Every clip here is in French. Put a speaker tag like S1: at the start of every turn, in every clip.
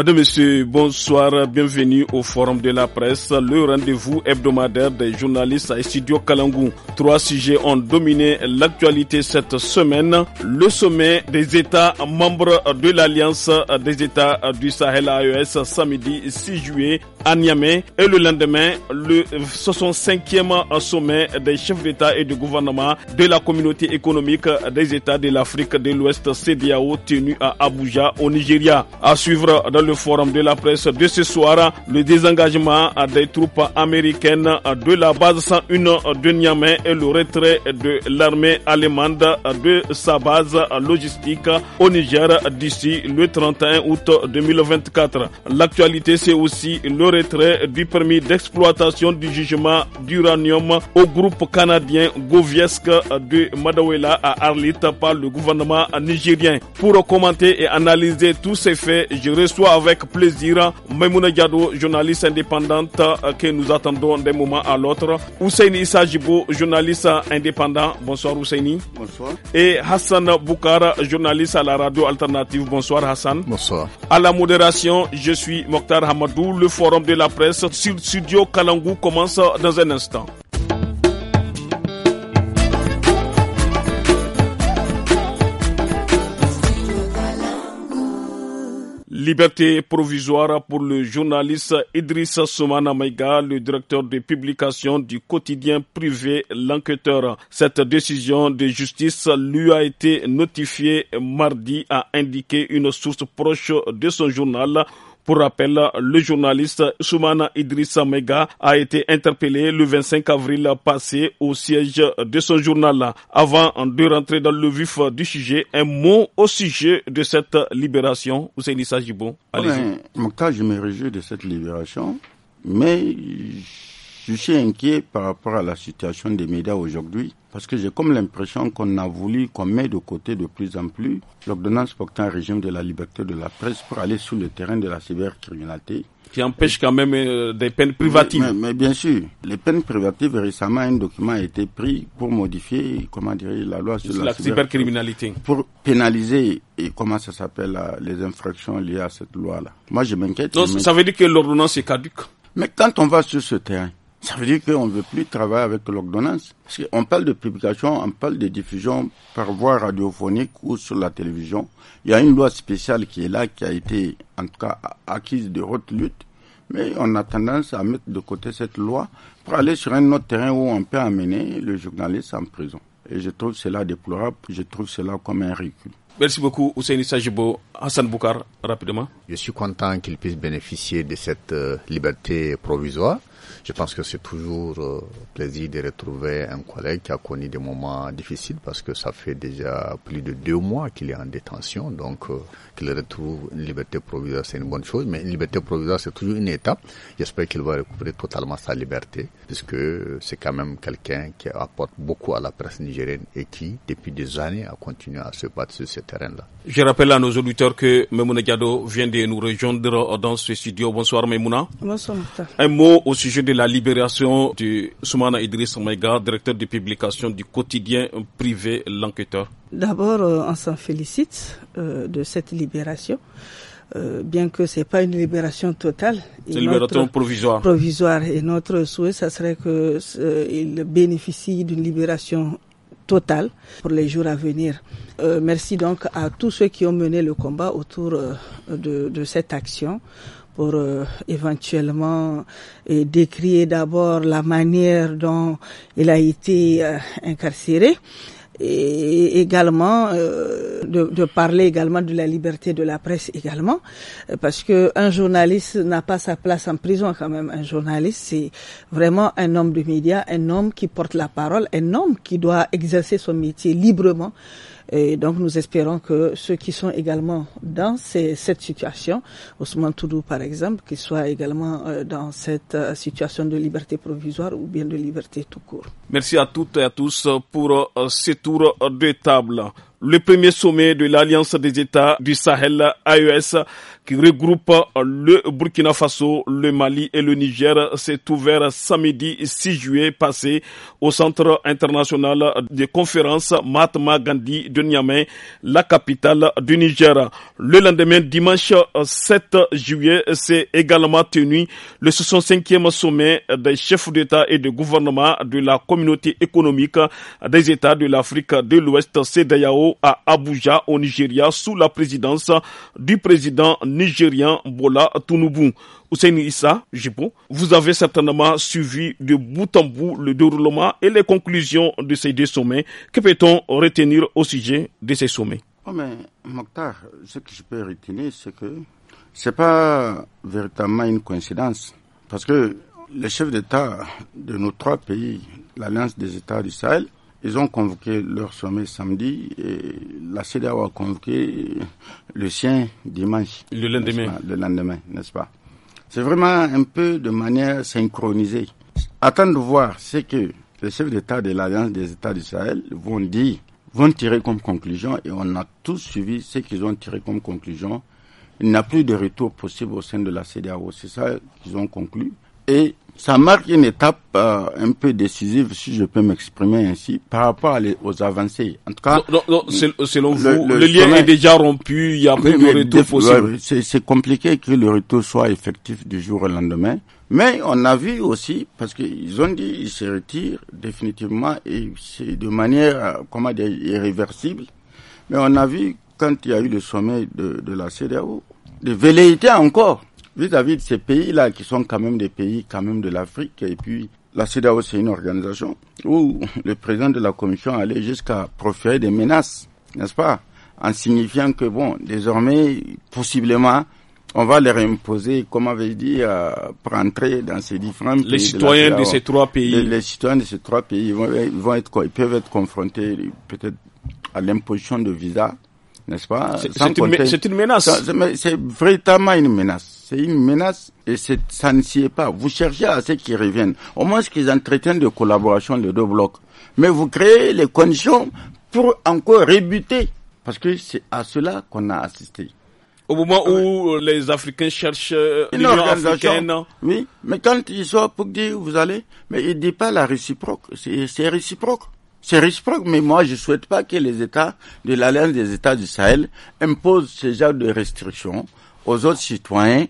S1: Madame, Monsieur, bonsoir, bienvenue au Forum de la presse, le rendez-vous hebdomadaire des journalistes à Studio Kalangou. Trois sujets ont dominé l'actualité cette semaine. Le sommet des États membres de l'Alliance des États du Sahel AES samedi 6 juillet à Niamey et le lendemain, le 65e sommet des chefs d'État et de gouvernement de la communauté économique des États de l'Afrique de l'Ouest CDAO tenu à Abuja au Nigeria. À suivre dans le forum de la presse de ce soir, le désengagement des troupes américaines de la base 101 de Niamey et le retrait de l'armée allemande de sa base logistique au Niger d'ici le 31 août 2024. L'actualité, c'est aussi le retrait du permis d'exploitation du jugement d'uranium au groupe canadien goviesque de Madawela à Arlit par le gouvernement nigérien. Pour commenter et analyser tous ces faits, je reçois avec plaisir Maimouna Diado, journaliste indépendante euh, que nous attendons d'un moment à l'autre. Ousseini Issa journaliste indépendant. Bonsoir Ousseini. Bonsoir. Et Hassan Boukara, journaliste à la radio alternative. Bonsoir Hassan. Bonsoir. À la modération, je suis Mokhtar Hamadou. Le forum de la presse sur Studio Kalangou commence dans un instant. Liberté provisoire pour le journaliste Idrissa Soumana Maïga, le directeur de publication du quotidien privé L'Enquêteur. Cette décision de justice lui a été notifiée mardi, a indiqué une source proche de son journal. Pour rappel, le journaliste Soumana Idrissa Mega a été interpellé le 25 avril passé au siège de son journal. Avant de rentrer dans le vif du sujet, un mot au sujet de cette libération. allez-y.
S2: Ben, je me réjouis de cette libération, mais je suis inquiet par rapport à la situation des médias aujourd'hui parce que j'ai comme l'impression qu'on a voulu, qu'on mette de côté de plus en plus l'ordonnance portant un régime de la liberté de la presse pour aller sur le terrain de la cybercriminalité.
S1: Qui empêche quand même euh, des peines privatives.
S2: Mais, bien sûr, les peines privatives, récemment, un document a été pris pour modifier, comment la loi sur, la, cybercriminalité. Pour pénaliser, comment ça s'appelle, euh, les infractions liées à cette loi-là. Moi, je m'inquiète. Ça
S1: veut dire que l'ordonnance est caduque.
S2: Mais quand on va sur ce terrain, ça veut dire qu'on ne veut plus travailler avec l'ordonnance. Parce qu'on parle de publication, on parle de diffusion par voie radiophonique ou sur la télévision. Il y a une loi spéciale qui est là, qui a été, en tout cas, acquise de haute lutte. Mais on a tendance à mettre de côté cette loi pour aller sur un autre terrain où on peut amener le journaliste en prison. Et je trouve cela déplorable, je trouve cela comme un recul.
S1: Merci beaucoup, Ousseini Sajibo. Hassan Boukar, rapidement.
S3: Je suis content qu'il puisse bénéficier de cette euh, liberté provisoire je pense que c'est toujours euh, plaisir de retrouver un collègue qui a connu des moments difficiles parce que ça fait déjà plus de deux mois qu'il est en détention, donc euh, qu'il retrouve une liberté provisoire, c'est une bonne chose, mais une liberté provisoire, c'est toujours une étape. J'espère qu'il va recouvrir totalement sa liberté, puisque c'est quand même quelqu'un qui apporte beaucoup à la presse nigérienne et qui, depuis des années, a continué à se battre sur ce terrain-là.
S1: Je rappelle à nos auditeurs que Memouna Gado vient de nous rejoindre dans ce studio. Bonsoir Memouna. Bonsoir Un mot au sujet de la libération de Soumana Idriss Maïga, directeur de publication du quotidien privé L'Enquêteur
S4: D'abord, euh, on s'en félicite euh, de cette libération. Euh, bien que ce n'est pas une libération totale. C'est une libération provisoire. Et notre souhait, ça serait qu'il bénéficie d'une libération totale pour les jours à venir. merci donc à tous ceux qui ont mené le combat autour de cette action pour euh, éventuellement euh, décrire d'abord la manière dont il a été euh, incarcéré et également euh, de, de, parler également de la liberté de la presse également parce que un journaliste n'a pas sa place en prison quand même un journaliste c'est vraiment un homme de médias un homme qui porte la parole un homme qui doit exercer son métier librement et donc nous espérons que ceux qui sont également dans ces, cette situation, Ousmane Toudou par exemple, qui soient également euh, dans cette euh, situation de liberté provisoire ou bien de liberté tout court.
S1: Merci à toutes et à tous pour euh, ce tour de table le premier sommet de l'Alliance des États du Sahel AES qui regroupe le Burkina Faso, le Mali et le Niger s'est ouvert samedi 6 juillet passé au Centre international des conférences Mahatma Gandhi de Niamey, la capitale du Niger. Le lendemain, dimanche 7 juillet, s'est également tenu le 65e sommet des chefs d'État et de gouvernement de la communauté économique des États de l'Afrique de l'Ouest, CEDEAO, à Abuja au Nigeria sous la présidence du président nigérien Bola Tinubu. Ousseini Issa, vous avez certainement suivi de bout en bout le déroulement et les conclusions de ces deux sommets. Que peut-on retenir au sujet de ces sommets
S2: oh, Mokhtar, ce que je peux retenir, c'est que
S1: ce n'est pas véritablement une
S2: coïncidence. Parce que les chefs d'État de nos trois pays, l'Alliance des États du Sahel, ils ont convoqué leur sommet samedi et la CDAO a convoqué le sien dimanche. Le lendemain. le lendemain, n'est-ce pas C'est vraiment un peu de manière synchronisée. Attendre de voir ce que les chefs d'État de l'Alliance des États d'Israël vont dire, vont tirer comme conclusion et on a tous suivi ce qu'ils ont tiré comme conclusion. Il n'y a plus de retour possible au sein de la CDAO. C'est ça qu'ils ont conclu. Et ça marque une étape euh, un peu décisive, si je peux m'exprimer ainsi, par rapport aux avancées. En tout cas, non, non, selon vous, le, lien est déjà rompu, il y a plus de retour possible. C'est compliqué que le retour soit effectif du jour au lendemain. Mais on a vu aussi, parce qu'ils ont dit ils se retirent définitivement et c'est de manière, euh, comment irréversible. Mais on a vu quand il y a eu le sommet de, de la CDAO, de velléités encore vis-à-vis de ces pays-là, qui sont quand même des pays quand même de l'Afrique, et puis la CEDAO, c'est une organisation où le président de la Commission allait jusqu'à proférer des menaces, n'est-ce pas En signifiant que, bon, désormais, possiblement, on va leur imposer, comme avait dit, euh, pour entrer dans ces différents pays. Les citoyens de, ces trois pays. Les, citoyens de ces trois pays vont, vont être Ils peuvent être confrontés peut-être à l'imposition de visas n'est-ce pas C'est une, menace. C'est véritablement une menace. C'est une menace et ça ne s'y est pas. Vous cherchez à ceux qui reviennent. Au moins qu'ils entretiennent de collaboration de deux blocs. Mais vous créez les conditions pour encore rébuter. Parce que c'est à cela qu'on a assisté.
S1: Au moment où euh, les Africains cherchent euh, l'Union africaine.
S2: Oui, mais quand ils sont pour dire vous allez, mais ils ne disent pas la réciproque. C'est réciproque. C'est réciproque, mais moi je souhaite pas que les États de l'Alliance des États du Sahel imposent ce genre de restrictions aux autres citoyens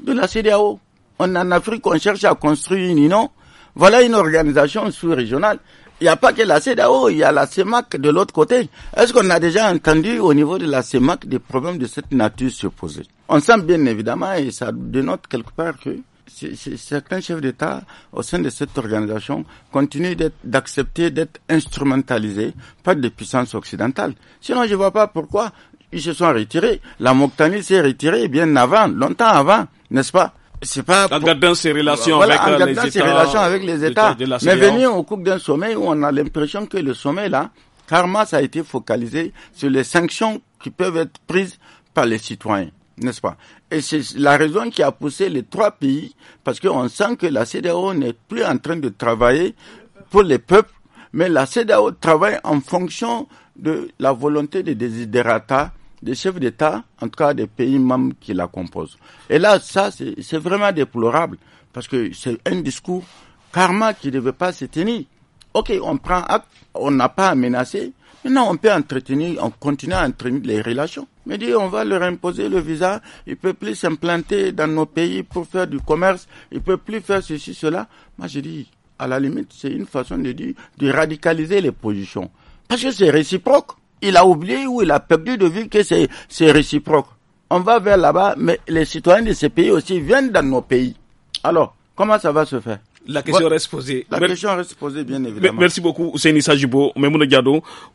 S2: de la CDAO. On en Afrique, on cherche à construire une union. Voilà une organisation sous-régionale. Il n'y a pas que la CdaO il y a la CEMAC de l'autre côté. Est-ce qu'on a déjà entendu au niveau de la CEMAC des problèmes de cette nature se poser On sent bien évidemment, et ça dénote quelque part que certains chefs d'État au sein de cette organisation continuent d'accepter d'être instrumentalisés par des puissances occidentales. Sinon, je ne vois pas pourquoi ils se sont retirés. La Mauritanie s'est retirée bien avant, longtemps avant, n'est-ce pas c'est pas en gardant ses relations avec euh, les États, relations avec les États, mais venir au cours d'un sommet où on a l'impression que le sommet là, karma, ça a été focalisé sur les sanctions qui peuvent être prises par les citoyens n'est-ce pas Et c'est la raison qui a poussé les trois pays, parce qu'on sent que la CDAO n'est plus en train de travailler pour les peuples, mais la CDAO travaille en fonction de la volonté des desiderata, des chefs d'État, en tout cas des pays membres qui la composent. Et là, ça, c'est vraiment déplorable, parce que c'est un discours karma qui ne devait pas se tenir. Ok, on prend acte, on n'a pas à menacer. Maintenant, on peut entretenir, on continue à entretenir les relations. Mais dit, on va leur imposer le visa, il peut plus s'implanter dans nos pays pour faire du commerce, il peut plus faire ceci, cela. Moi, je dis, à la limite, c'est une façon de dire, de radicaliser les positions. Parce que c'est réciproque. Il a oublié ou il a perdu de vue que c'est, c'est réciproque. On va vers là-bas, mais les citoyens de ces pays aussi viennent dans nos pays.
S1: Alors, comment ça va se faire?
S2: La question reste posée. La question reste posée, bien évidemment. Merci
S1: beaucoup, Ousseini Sajibo. Memouna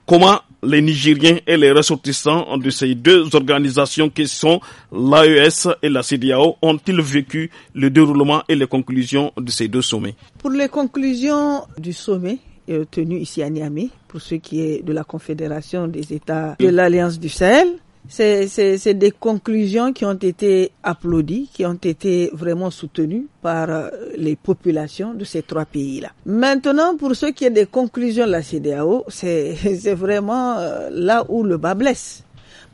S1: Comment les Nigériens et les ressortissants de ces deux organisations qui sont l'AES et la CDAO ont-ils vécu le déroulement et les conclusions de ces deux sommets
S4: Pour les conclusions du sommet, euh, tenu ici à Niamey, pour ce qui est de la Confédération des États de l'Alliance du Sahel, c'est des conclusions qui ont été applaudies, qui ont été vraiment soutenues par euh, les populations de ces trois pays-là. Maintenant, pour ce qui est des conclusions de la CDAO, c'est vraiment euh, là où le bas blesse.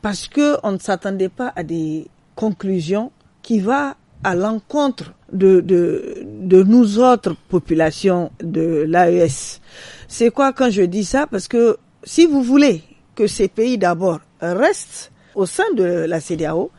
S4: Parce que on ne s'attendait pas à des conclusions qui vont à l'encontre de, de, de nous autres populations de l'AES. C'est quoi quand je dis ça? Parce que si vous voulez que ces pays d'abord restent au sein de la CDAO,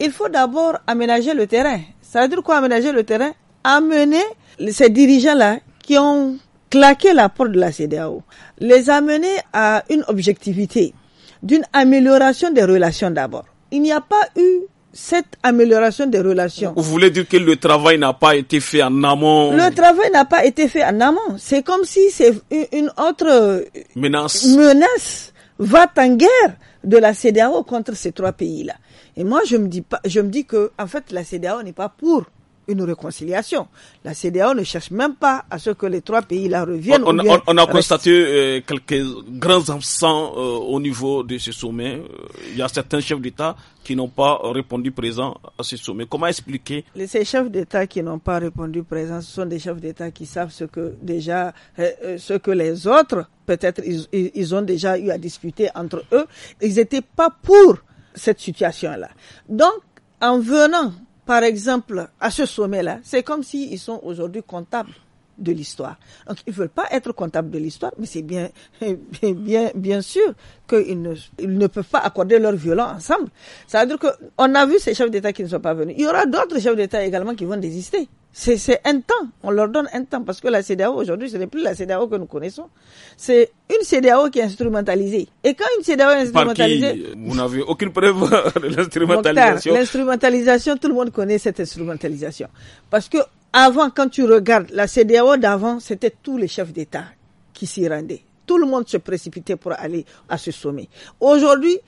S4: il faut d'abord aménager le terrain. Ça veut dire quoi aménager le terrain Amener ces dirigeants-là qui ont claqué la porte de la CDAO, les amener à une objectivité, d'une amélioration des relations d'abord. Il n'y a pas eu cette amélioration des relations. Vous
S1: voulez dire que le travail n'a pas été fait en amont Le
S4: travail n'a pas été fait en amont. C'est comme si c'est une autre menace. menace va en guerre de la CDAO contre ces trois pays-là. Et moi, je me dis pas, je me dis que, en fait, la CDAO n'est pas pour une réconciliation. La CDAO ne cherche même pas à ce que les trois pays la reviennent. On, on, a constaté
S1: euh, quelques grands absents euh, au niveau de ce sommet. Euh, il y a certains chefs d'État qui n'ont pas répondu présent à ce sommet. Comment expliquer
S4: Ces chefs d'État qui n'ont pas répondu présent, ce sont des chefs d'État qui savent ce que déjà, ce que les autres, peut-être, ils, ils ont déjà eu à discuter entre eux. Ils n'étaient pas pour cette situation-là. Donc, en venant par exemple, à ce sommet-là, c'est comme s'ils sont aujourd'hui comptables de l'histoire. Donc, ils veulent pas être comptables de l'histoire, mais c'est bien, bien, bien sûr qu'ils ne, ne peuvent pas accorder leur violon ensemble. Ça veut dire qu'on a vu ces chefs d'État qui ne sont pas venus. Il y aura d'autres chefs d'État également qui vont désister. C'est un temps, on leur donne un temps, parce que la CDAO aujourd'hui, ce n'est plus la CDAO que nous connaissons. C'est une CDAO qui est instrumentalisée. Et quand une CDAO est instrumentalisée... Par qui vous
S1: n'avez aucune preuve de l'instrumentalisation.
S4: L'instrumentalisation, tout le monde connaît cette instrumentalisation. Parce que avant, quand tu regardes la CDAO d'avant, c'était tous les chefs d'État qui s'y rendaient. Tout le monde se précipitait pour aller à ce sommet. Aujourd'hui,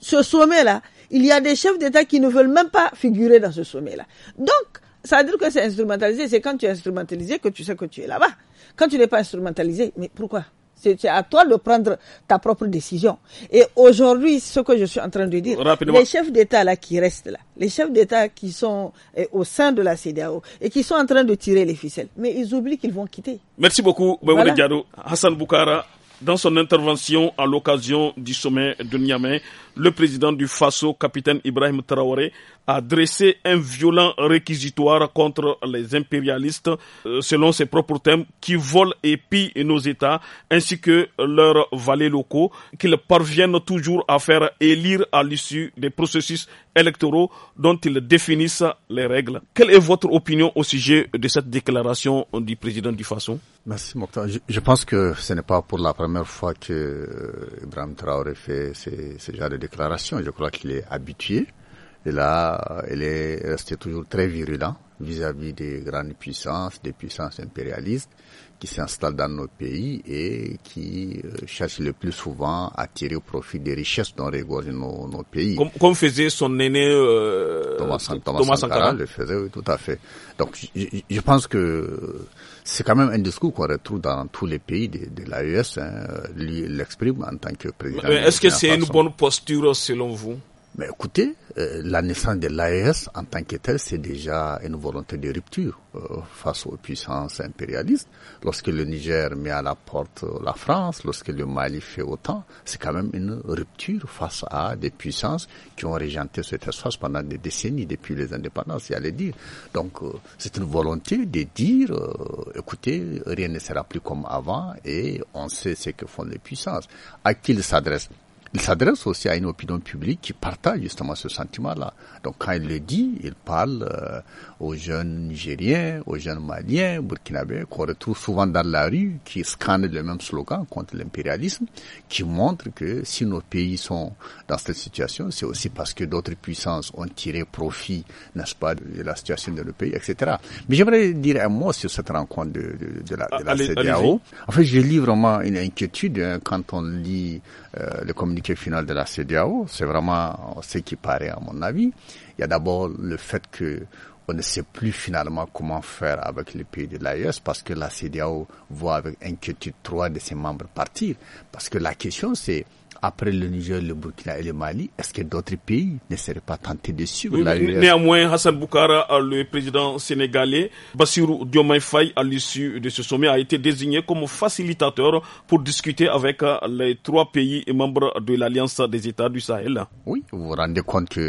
S4: ce sommet-là, il y a des chefs d'État qui ne veulent même pas figurer dans ce sommet-là. Donc, ça veut dire que c'est instrumentalisé. C'est quand tu es instrumentalisé que tu sais que tu es là-bas. Quand tu n'es pas instrumentalisé, mais pourquoi c'est à toi de prendre ta propre décision. Et aujourd'hui, ce que je suis en train de dire, les chefs d'État là qui restent là, les chefs d'État qui sont eh, au sein de la CDAO et qui sont en train de tirer les ficelles, mais ils oublient qu'ils vont quitter.
S1: Merci beaucoup, voilà. Hassan Boukara, dans son intervention à l'occasion du sommet de Niamey le président du Faso, capitaine Ibrahim Traoré, a dressé un violent réquisitoire contre les impérialistes, euh, selon ses propres termes, qui volent et pillent nos États, ainsi que leurs valets locaux, qu'ils parviennent toujours à faire élire à l'issue des processus électoraux dont ils définissent les règles. Quelle est votre opinion au sujet de cette déclaration du président du Faso
S3: Merci Mokhtar. Je, pense que ce n'est pas pour la première fois que euh, Ibrahim Traoré fait ce genre de de déclaration. Je crois qu'il est habitué. Et là, il est resté toujours très virulent vis-à-vis des grandes puissances, des puissances impérialistes qui s'installent dans nos pays et qui euh, cherchent le plus souvent à tirer au profit des richesses dont regorgent nos, nos, pays. Comme,
S1: faisait son aîné euh, Thomas, Sankara, le
S3: faisait, oui, tout à fait. Donc, je pense que c'est quand même un discours qu'on retrouve dans tous les pays de, de l'AES. Hein. L'exprime en tant que président. Est-ce que c'est une bonne
S1: posture selon vous
S3: mais écoutez, euh, la naissance de l'AES en tant que telle, c'est déjà une volonté de rupture euh, face aux puissances impérialistes. Lorsque le Niger met à la porte euh, la France, lorsque le Mali fait autant, c'est quand même une rupture face à des puissances qui ont régenté cet espace pendant des décennies depuis les indépendances, il y a dire. Donc c'est une volonté de dire, écoutez, rien ne sera plus comme avant et on sait ce que font les puissances. À qui ils s'adressent il s'adresse aussi à une opinion publique qui partage justement ce sentiment-là. Donc quand il le dit, il parle euh, aux jeunes Nigériens, aux jeunes Maliens, Burkinabés, qu'on retrouve souvent dans la rue, qui scannent le même slogan contre l'impérialisme, qui montre que si nos pays sont dans cette situation, c'est aussi parce que d'autres puissances ont tiré profit, n'est-ce pas, de la situation de nos pays, etc. Mais j'aimerais dire un mot sur cette rencontre de, de, de la, de la ah, CDAO. En fait, je lis vraiment une inquiétude hein, quand on lit euh, le communiqué communiqué final de la CDAO. C'est vraiment ce qui paraît à mon avis. Il y a d'abord le fait que on ne sait plus finalement comment faire avec les pays de l'AES parce que la CDAO voit avec inquiétude trois de ses membres partir. Parce que la question c'est après le Niger, le Burkina et le Mali, est-ce que d'autres pays ne seraient pas tentés de suivre Néanmoins,
S1: Hassan Boukara, euh, le président sénégalais, Bassirou Diomaye Faye, à l'issue de ce sommet, a été désigné comme facilitateur pour discuter avec euh, les trois pays et membres de l'Alliance des États du Sahel.
S3: Oui, vous vous rendez compte qu'au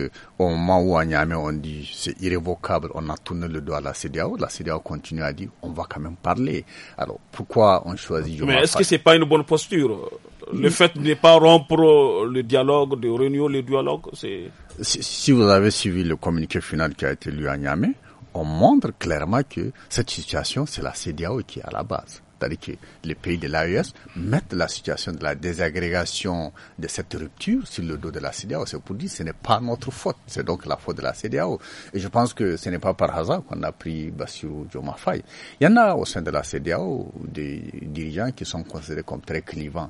S3: moment où à Niamey, on dit c'est irrévocable, on a tourné le doigt à la CDAO, la CDAO continue à dire on va quand même parler. Alors pourquoi on choisit Diomaye Mais est-ce que ce n'est pas une bonne
S1: posture le fait de ne pas rompre le dialogue, de réunir le dialogue, c'est...
S3: Si, vous avez suivi le communiqué final qui a été lu à Niamey, on montre clairement que cette situation, c'est la CDAO qui est à la base. C'est-à-dire que les pays de l'AES mettent la situation de la désagrégation de cette rupture sur le dos de la CDAO. C'est pour dire que ce n'est pas notre faute, c'est donc la faute de la CDAO. Et je pense que ce n'est pas par hasard qu'on a pris Bassiou Diomafaye. Il y en a au sein de la CDAO des dirigeants qui sont considérés comme très clivants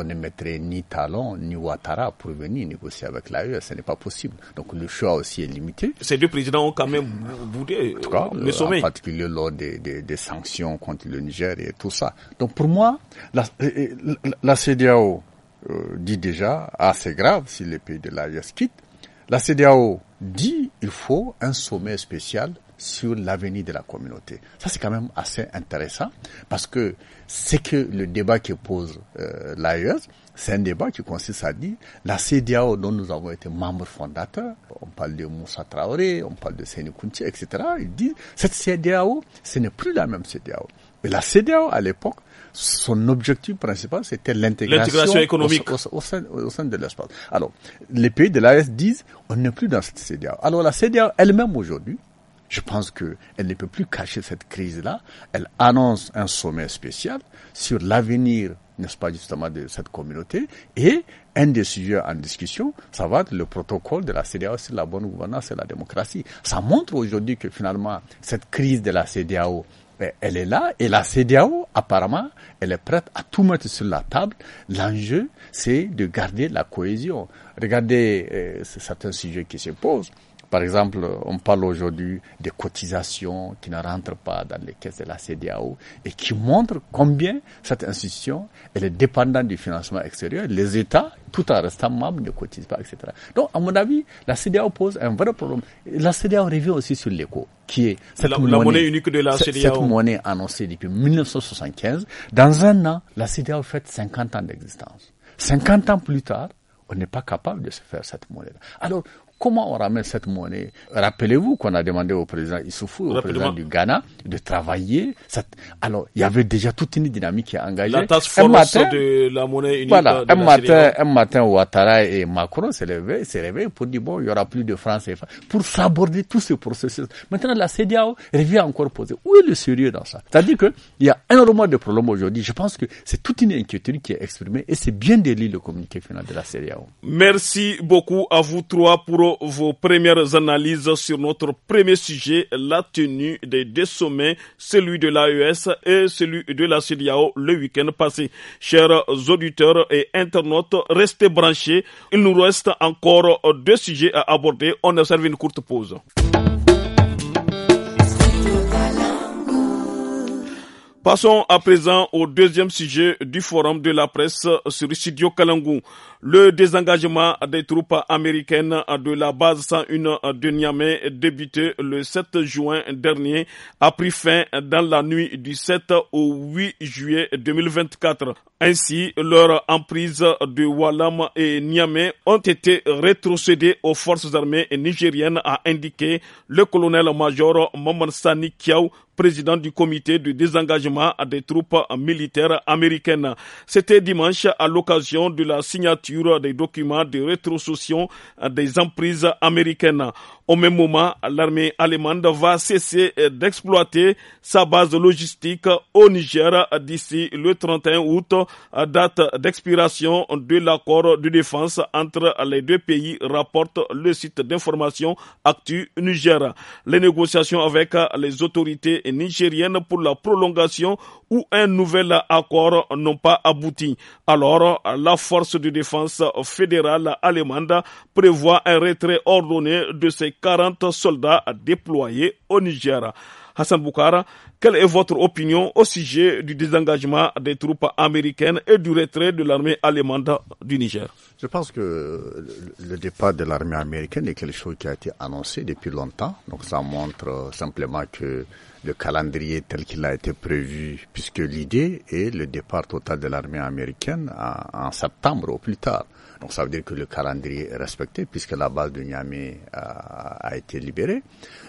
S3: on ne mettrait ni Talon ni Ouattara pour venir négocier avec UE, Ce n'est pas possible. Donc le choix aussi est limité.
S1: Ces deux présidents ont quand même voulu euh, le sommet. En particulier
S3: lors des, des, sanctions contre le Niger et tout ça. Donc pour moi, la, euh, euh, la, CDAO dit déjà, assez ah, grave si les pays de l'AES quittent. La CDAO dit il faut un sommet spécial sur l'avenir de la communauté. Ça, c'est quand même assez intéressant parce que c'est que le débat qui pose euh, l'AES, c'est un débat qui consiste à dire la CDAO dont nous avons été membres fondateurs, on parle de Moussa Traoré, on parle de Séné etc. Il dit cette CDAO, ce n'est plus la même CDAO. Mais la CDAO, à l'époque, son objectif principal, c'était l'intégration économique au, sein, au, sein, de l'espace. Alors, les pays de l'AES disent on n'est plus dans cette CDAO. Alors, la CDAO elle-même aujourd'hui, je pense qu'elle ne peut plus cacher cette crise-là. Elle annonce un sommet spécial sur l'avenir, n'est-ce pas, justement, de cette communauté. Et un des sujets en discussion, ça va être le protocole de la CDAO sur la bonne gouvernance et la démocratie. Ça montre aujourd'hui que finalement, cette crise de la CDAO, ben, elle est là et la CDAO, apparemment, elle est prête à tout mettre sur la table. L'enjeu, c'est de garder la cohésion. Regardez euh, certains sujets qui se posent. Par exemple, on parle aujourd'hui des cotisations qui ne rentrent pas dans les caisses de la CDAO et qui montrent combien cette institution est dépendante du financement extérieur. Les États, tout en restant membres, ne cotisent pas, etc. Donc, à mon avis, la CDAO pose un vrai problème. La CDAO revient aussi sur l'éco, qui est cette la, monnaie, unique de la CDAO. Cette monnaie annoncée depuis 1975. Dans un an, la CDAO fait 50 ans d'existence. 50 ans plus tard, on n'est pas capable de se faire cette monnaie-là. Alors, Comment on ramène cette monnaie Rappelez-vous qu'on a demandé au président Issoufou, au président du Ghana, de travailler. Alors, il y avait déjà toute une dynamique qui est engagée. La task force de
S1: la monnaie unique. Voilà, un, matin,
S3: un matin, Ouattara et Macron se réveillent, pour dire bon, il n'y aura plus de France et pour s'aborder tout ce processus. Maintenant, la CDAO revient encore poser. Où est le sérieux dans ça C'est-à-dire qu'il y a un énormément de problèmes aujourd'hui. Je pense que c'est toute une inquiétude qui est exprimée et c'est bien délit le communiqué final de la CDAO.
S1: Merci beaucoup à vous trois pour vos premières analyses sur notre premier sujet, la tenue des deux sommets, celui de l'AES et celui de la CEDIAO le week-end passé. Chers auditeurs et internautes, restez branchés. Il nous reste encore deux sujets à aborder. On observe une courte pause. Passons à présent au deuxième sujet du forum de la presse sur Studio Kalangu. Le désengagement des troupes américaines de la base 101 de Niamey, débuté le 7 juin dernier, a pris fin dans la nuit du 7 au 8 juillet 2024. Ainsi, leurs emprises de Walam et Niamey ont été rétrocédées aux forces armées nigériennes, a indiqué le colonel-major Maman Sani président du comité de désengagement des troupes militaires américaines. C'était dimanche à l'occasion de la signature des documents de rétrocession des emprises américaines. Au même moment, l'armée allemande va cesser euh, d'exploiter sa base logistique au Niger d'ici le 31 août, euh, date d'expiration de l'accord de défense entre les deux pays, rapporte le site d'information Actu Niger. Les négociations avec les autorités nigériennes pour la prolongation ou un nouvel accord n'ont pas abouti. Alors, la force de défense fédérale allemande prévoit un retrait ordonné de ses 40 soldats déployés au Niger. Hassan Boukara, quelle est votre opinion au sujet du désengagement des troupes américaines et du retrait de l'armée allemande du Niger
S3: Je pense que le départ de l'armée américaine est quelque chose qui a été annoncé depuis longtemps. Donc ça montre euh, simplement que le calendrier tel qu'il a été prévu, puisque l'idée est le départ total de l'armée américaine en septembre au plus tard. Donc ça veut dire que le calendrier est respecté puisque la base de Niamey euh, a, été libérée.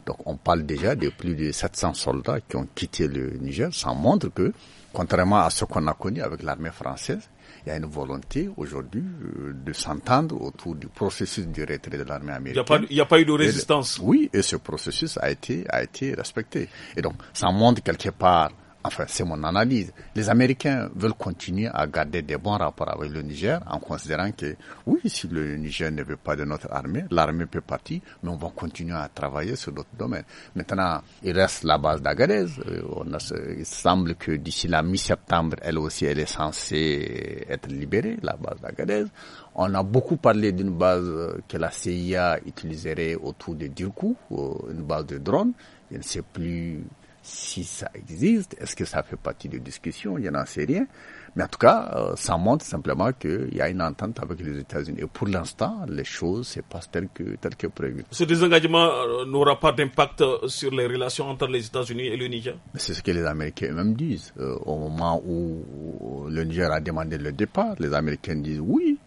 S3: Donc on parle déjà de plus de 700 soldats qui ont quitté le Niger. Ça montre que, contrairement à ce qu'on a connu avec l'armée française, il y a une volonté aujourd'hui euh, de s'entendre autour du processus du retrait de l'armée américaine. Il n'y a, pas eu de résistance. oui, et ce processus a été, a été respecté. Et donc, ça montre quelque part enfin c'est mon analyse, les Américains veulent continuer à garder des bons rapports avec le Niger en considérant que oui, si le Niger ne veut pas de notre armée, l'armée peut partir, mais on va continuer à travailler sur d'autres domaines. Maintenant, il reste la base d'Agadez. Euh, il semble que d'ici la mi-septembre, elle aussi, elle est censée être libérée, la base d'Agadez. On a beaucoup parlé d'une base euh, que la CIA utiliserait autour de Dirkou, euh, une base de drones. Je ne sais plus si ça existe, est-ce que ça fait partie de discussion Je en sais rien. Mais en tout cas, euh, ça montre simplement qu'il y a une entente avec les États-Unis. Et pour l'instant, les choses se passent telles que, telles que prévues.
S1: Ce désengagement euh, n'aura pas d'impact euh, sur les relations entre les États-Unis et le Niger
S3: C'est ce que les Américains eux-mêmes disent. au moment où le Niger a demandé le départ, les Américains disent oui,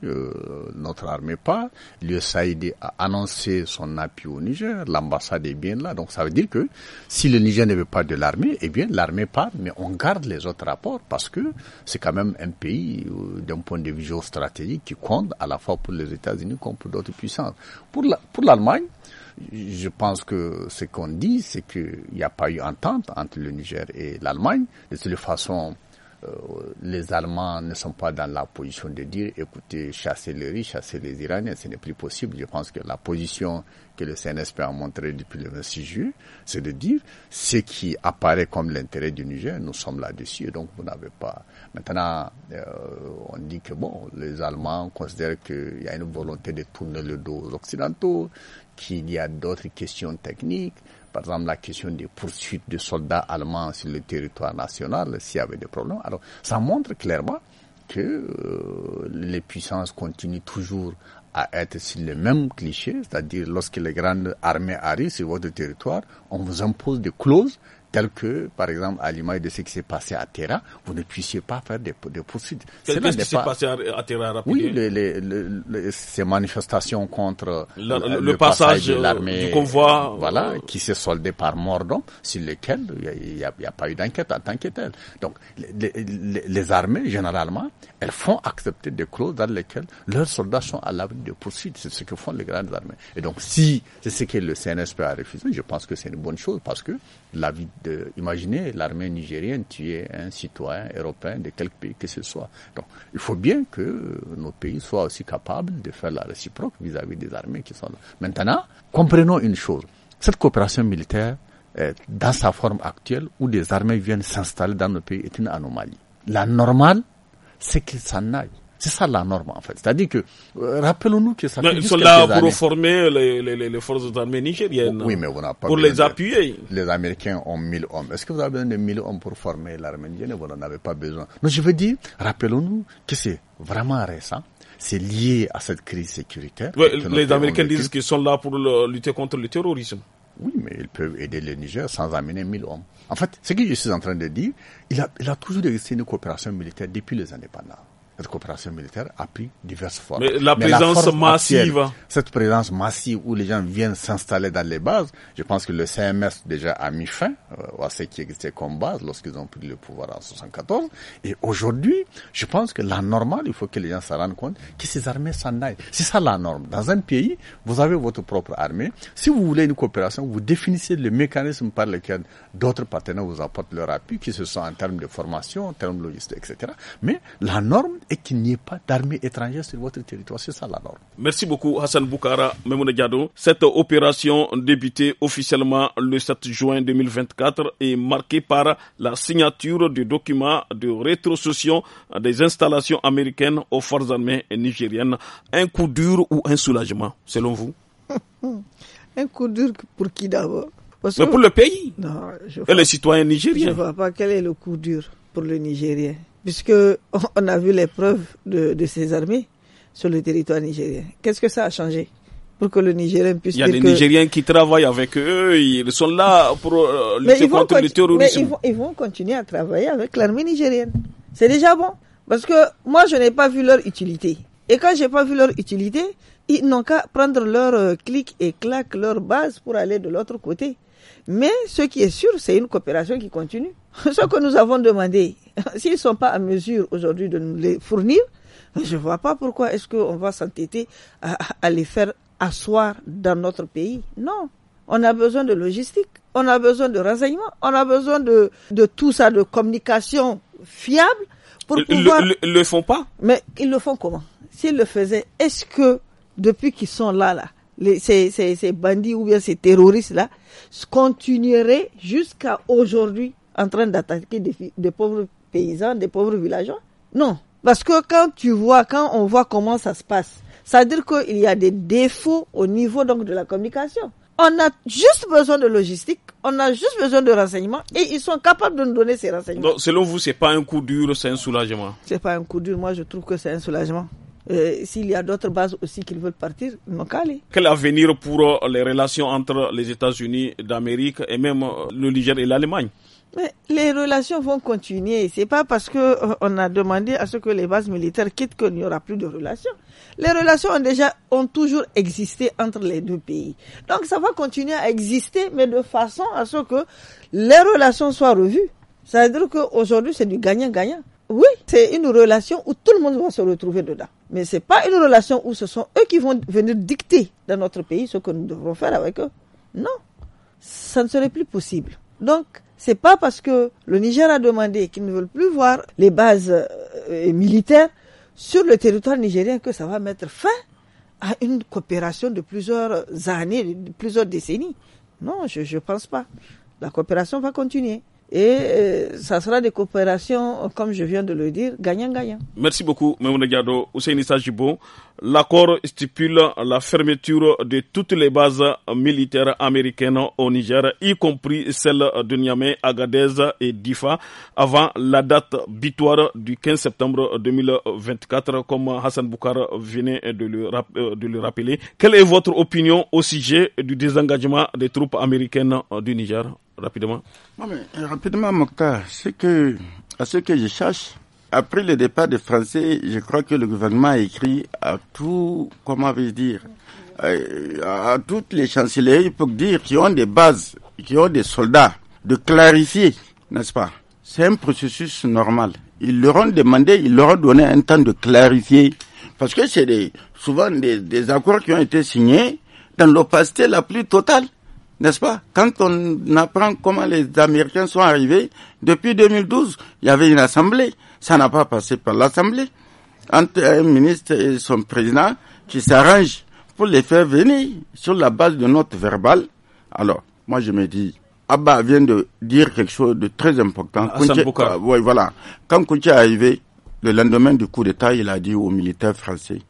S3: notre armée part. Le Saïd a annoncé son appui au Niger. L'ambassade est bien là. Donc ça veut dire que si le Niger ne veut pas de l'armée, eh bien l'armée part, mais on garde les autres rapports parce que c'est quand même un pays, euh, d'un point de vue géostratégique, qui compte à la fois pour les États-Unis comme pour d'autres puissances. Pour l'Allemagne, la, pour je pense que ce qu'on dit, c'est qu'il n'y a pas eu entente entre le Niger et l'Allemagne. De toute façon, euh, les Allemands ne sont pas dans la position de dire, écoutez, chasser les riches, chasser les Iraniens, ce n'est plus possible. Je pense que la position que le CNSP a montrée depuis le 26 juillet, c'est de dire, ce qui apparaît comme l'intérêt du Niger, nous sommes là-dessus, et donc vous n'avez pas Maintenant, euh, on dit que bon, les Allemands considèrent qu'il y a une volonté de tourner le dos aux Occidentaux, qu'il y a d'autres questions techniques, par exemple la question des poursuites de soldats allemands sur le territoire national, s'il y avait des problèmes. Alors, ça montre clairement que euh, les puissances continuent toujours à être sur le même cliché, c'est-à-dire lorsque les grandes armées arrivent sur votre territoire, on vous impose des clauses tel que, par exemple, à l'image de ce qui s'est passé à Terra, vous ne puissiez pas faire des, des poursuites. C'est ce qui s'est passé à, Terra rapidement Oui, les, les, ces manifestations contre euh, le, passage, de euh, l'armée, du convoi, voilà, euh, qui s'est soldé par mort sur lesquelles il n'y a, pas eu d'enquête en tant que Donc, les, armées, généralement, elles font accepter des clauses dans lesquelles leurs soldats sont à l'abri de poursuites. C'est ce que font les grandes armées. Et donc, si c'est ce que le CNSP a refusé, je pense que c'est une bonne chose parce que de, imaginez l'armée nigérienne tuer un citoyen européen de quelque pays que ce soit. Donc, il faut bien que nos pays soient aussi capables de faire la réciproque vis-à-vis des armées qui sont là. Maintenant, comprenons une chose. Cette coopération militaire, dans sa forme actuelle, où des armées viennent s'installer dans nos pays, est une anomalie. La normale, c'est qu'ils s'en aillent. C'est ça la norme en fait. C'est-à-dire que, euh, rappelons-nous que ça fait Ils sont là pour
S1: former les, forces armées nigériennes. Oui, mais vous n'avez pas Pour les
S3: appuyer. les Américains ont 1000 hommes. Est-ce que vous avez besoin de 1000 hommes pour former l'armée nigérienne Vous n'en avez pas besoin. Non, je veux dire, rappelons-nous que c'est vraiment récent c'est lié à cette crise sécuritaire. les Américains disent qu'ils sont là pour lutter contre le terrorisme. Oui, mais ils peuvent aider le Niger sans amener 1000 hommes. En fait, ce que je suis en train de dire, il a, il a toujours existé une coopération militaire depuis les indépendants cette coopération militaire a pris diverses formes. Mais la présence massive. Hein. cette présence massive où les gens viennent s'installer dans les bases, je pense que le CMS déjà a mis fin euh, à ce qui existait comme base lorsqu'ils ont pris le pouvoir en 74. Et aujourd'hui, je pense que la normale, il faut que les gens se rendent compte que ces armées s'en aillent. C'est ça la norme. Dans un pays, vous avez votre propre armée. Si vous voulez une coopération, vous définissez le mécanisme par lequel d'autres partenaires vous apportent leur appui, que ce soit en termes de formation, en termes de logistique, etc. Mais la norme, et qu'il n'y ait pas d'armée étrangère sur votre territoire. C'est ça la norme.
S1: Merci beaucoup Hassan Boukara Cette opération débutée officiellement le 7 juin 2024 est marquée par la signature du document de rétrocession des installations américaines aux forces armées nigériennes. Un coup dur ou un soulagement, selon vous
S4: Un coup dur pour qui d'abord pour le pays non, et les citoyens nigériens. Je ne vois pas quel est le coup dur pour le Nigérien puisque on a vu les preuves de, de ces armées sur le territoire nigérien. Qu'est-ce que ça a changé pour que le Nigérien puisse. Il y a des
S1: Nigériens qui travaillent avec eux, ils sont là pour euh, lutter contre le terrorisme. Mais ils vont,
S4: ils vont continuer à travailler avec l'armée nigérienne. C'est déjà bon. Parce que moi, je n'ai pas vu leur utilité. Et quand je n'ai pas vu leur utilité, ils n'ont qu'à prendre leur euh, clic et claque, leur base pour aller de l'autre côté. Mais ce qui est sûr, c'est une coopération qui continue ce que nous avons demandé, s'ils ne sont pas à mesure aujourd'hui de nous les fournir, je ne vois pas pourquoi est-ce qu'on va s'entêter à, les faire asseoir dans notre pays. Non, on a besoin de logistique, on a besoin de renseignements, on a besoin de, de tout ça, de communication fiable pour le, pouvoir...
S1: Le, font pas
S4: Mais ils le font comment S'ils le faisaient, est-ce que depuis qu'ils sont là, là, les, ces, ces, ces bandits ou bien ces terroristes-là continueraient jusqu'à aujourd'hui en train d'attaquer des, pauvres paysans, des pauvres villageois. Non. Parce que quand tu vois, quand on voit comment ça se passe, ça veut dire qu'il y a des défauts au niveau donc de la communication. On a juste besoin de logistique, on a juste besoin de renseignements et ils sont capables de nous donner ces renseignements. Donc,
S1: selon vous, c'est pas un coup dur, c'est un soulagement
S4: C'est pas un coup dur, moi je trouve que c'est un soulagement. Euh, s'il y a d'autres bases aussi qu'ils veulent partir, ils m'ont
S1: Quel avenir pour euh, les relations entre les États-Unis d'Amérique et même euh, le Niger et l'Allemagne
S4: mais les relations vont continuer. Ce n'est pas parce qu'on euh, a demandé à ce que les bases militaires quittent qu'il n'y aura plus de relations. Les relations ont déjà ont toujours existé entre les deux pays. Donc ça va continuer à exister, mais de façon à ce que les relations soient revues. Ça veut dire qu'aujourd'hui c'est du gagnant-gagnant. Oui, c'est une relation où tout le monde va se retrouver dedans. Mais ce n'est pas une relation où ce sont eux qui vont venir dicter dans notre pays ce que nous devrons faire avec eux. Non, ça ne serait plus possible. Donc n'est pas parce que le Niger a demandé qu'ils ne veulent plus voir les bases euh, militaires sur le territoire nigérien que ça va mettre fin à une coopération de plusieurs années, de plusieurs décennies. Non, je ne pense pas. La coopération va continuer. Et euh, ça sera des coopérations, comme je viens de le dire, gagnant-gagnant.
S1: Merci beaucoup, Mme Diado. Ousseini Sajibo, l'accord stipule la fermeture de toutes les bases militaires américaines au Niger, y compris celles de Niamey, Agadez et Difa, avant la date bitoire du 15 septembre 2024, comme Hassan Boukar venait euh, de le rappeler. Quelle est votre opinion au sujet du désengagement des troupes américaines du Niger rapidement
S2: non mais, euh, Rapidement, c'est que, à ce que je cherche, après le départ des Français, je crois que le gouvernement a écrit à tout, comment vais-je dire, euh, à, toutes les chancelleries pour dire qu'ils ont des bases, qui ont des soldats, de clarifier, n'est-ce pas C'est un processus normal. Ils leur ont demandé, ils leur ont donné un temps de clarifier, parce que c'est des souvent des, des accords qui ont été signés dans l'opacité la plus totale. N'est-ce pas Quand on apprend comment les Américains sont arrivés, depuis 2012, il y avait une assemblée. Ça n'a pas passé par l'assemblée. Entre un ministre et son président qui s'arrangent pour les faire venir sur la base de notes verbales. Alors, moi je me dis, Abba vient de dire quelque chose de très important. Euh, Quand Kouchi est arrivé, le lendemain du coup d'État, il a dit aux militaires français,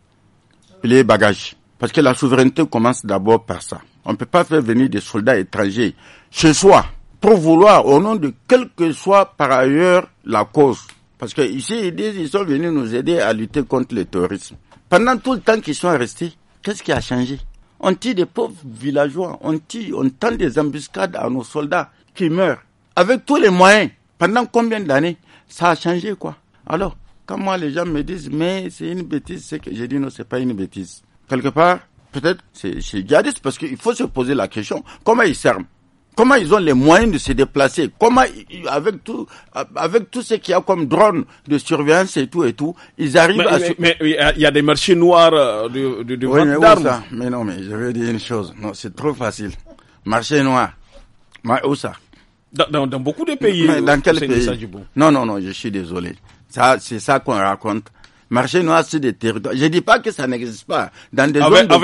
S2: les bagages. Parce que la souveraineté commence d'abord par ça. On ne peut pas faire venir des soldats étrangers chez soi pour vouloir, au nom de quel que soit par ailleurs la cause. Parce que ici, ils disent ils sont venus nous aider à lutter contre le terrorisme. Pendant tout le temps qu'ils sont restés, qu'est-ce qui a changé On tire des pauvres villageois, on tire, on tend des embuscades à nos soldats qui meurent. Avec tous les moyens, pendant combien d'années Ça a changé quoi Alors, quand moi les gens me disent, mais c'est une bêtise, c'est que j'ai dit non, c'est pas une bêtise quelque part, peut-être c'est djihadiste parce qu'il faut se poser la question comment ils servent Comment ils ont les moyens de se déplacer Comment, avec tout, avec tout ce qu'il y a comme drone de surveillance et tout et tout, ils arrivent mais, à.
S1: Mais, il y a des marchés noirs euh, de, oui, mais,
S2: mais non, mais je vais dire une chose. Non, c'est trop facile. Marché noir. où ça
S1: dans, dans, beaucoup de pays. dans euh, quel pays
S2: Non, non, non, je suis désolé. Ça, c'est ça qu'on raconte marché noir c'est des territoires. Je dis pas que ça n'existe pas. Dans des zones de,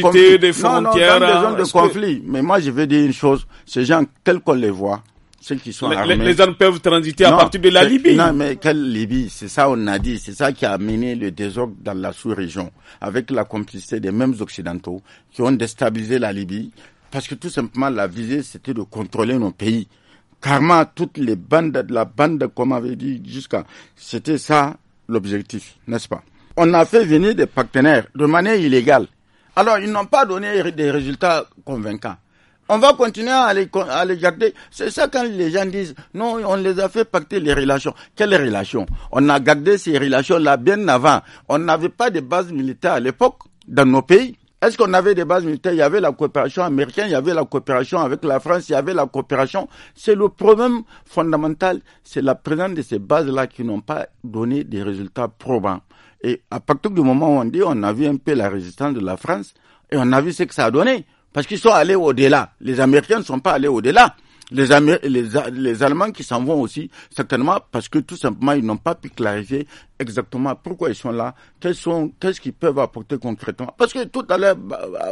S2: conflit. frontières. dans des zones de conflit. Mais moi, je veux dire une chose. Ces gens, tels qu'on les voit, ceux qui sont les, armés. Les gens peuvent transiter à partir de la Libye. Non, mais quelle Libye C'est ça on a dit. C'est ça qui a amené le désordre dans la sous-région, avec la complicité des mêmes Occidentaux qui ont déstabilisé la Libye, parce que tout simplement la visée c'était de contrôler nos pays. Carrément, toutes les bandes, la bande, comme on avait dit jusqu'à, c'était ça l'objectif, n'est-ce pas On a fait venir des partenaires de manière illégale. Alors, ils n'ont pas donné des résultats convaincants. On va continuer à les, garder. C'est ça quand les gens disent, non, on les a fait pacter les relations. Quelles relations On a gardé ces relations-là bien avant. On n'avait pas de base militaire à l'époque dans nos pays. Est-ce qu'on avait des bases militaires Il y avait la coopération américaine, il y avait la coopération avec la France, il y avait la coopération. C'est le problème fondamental, c'est la présence de ces bases-là qui n'ont pas donné des résultats probants. Et à partir du moment où on dit, on a vu un peu la résistance de la France et on a vu ce que ça a donné, parce qu'ils sont allés au-delà. Les Américains ne sont pas allés au-delà. Les, les, Allemands qui s'en vont aussi, certainement parce que tout simplement, ils n'ont pas pu clarifier exactement pourquoi ils sont là, sont, qu'est-ce qu'ils peuvent apporter concrètement. Parce que tout à l'heure,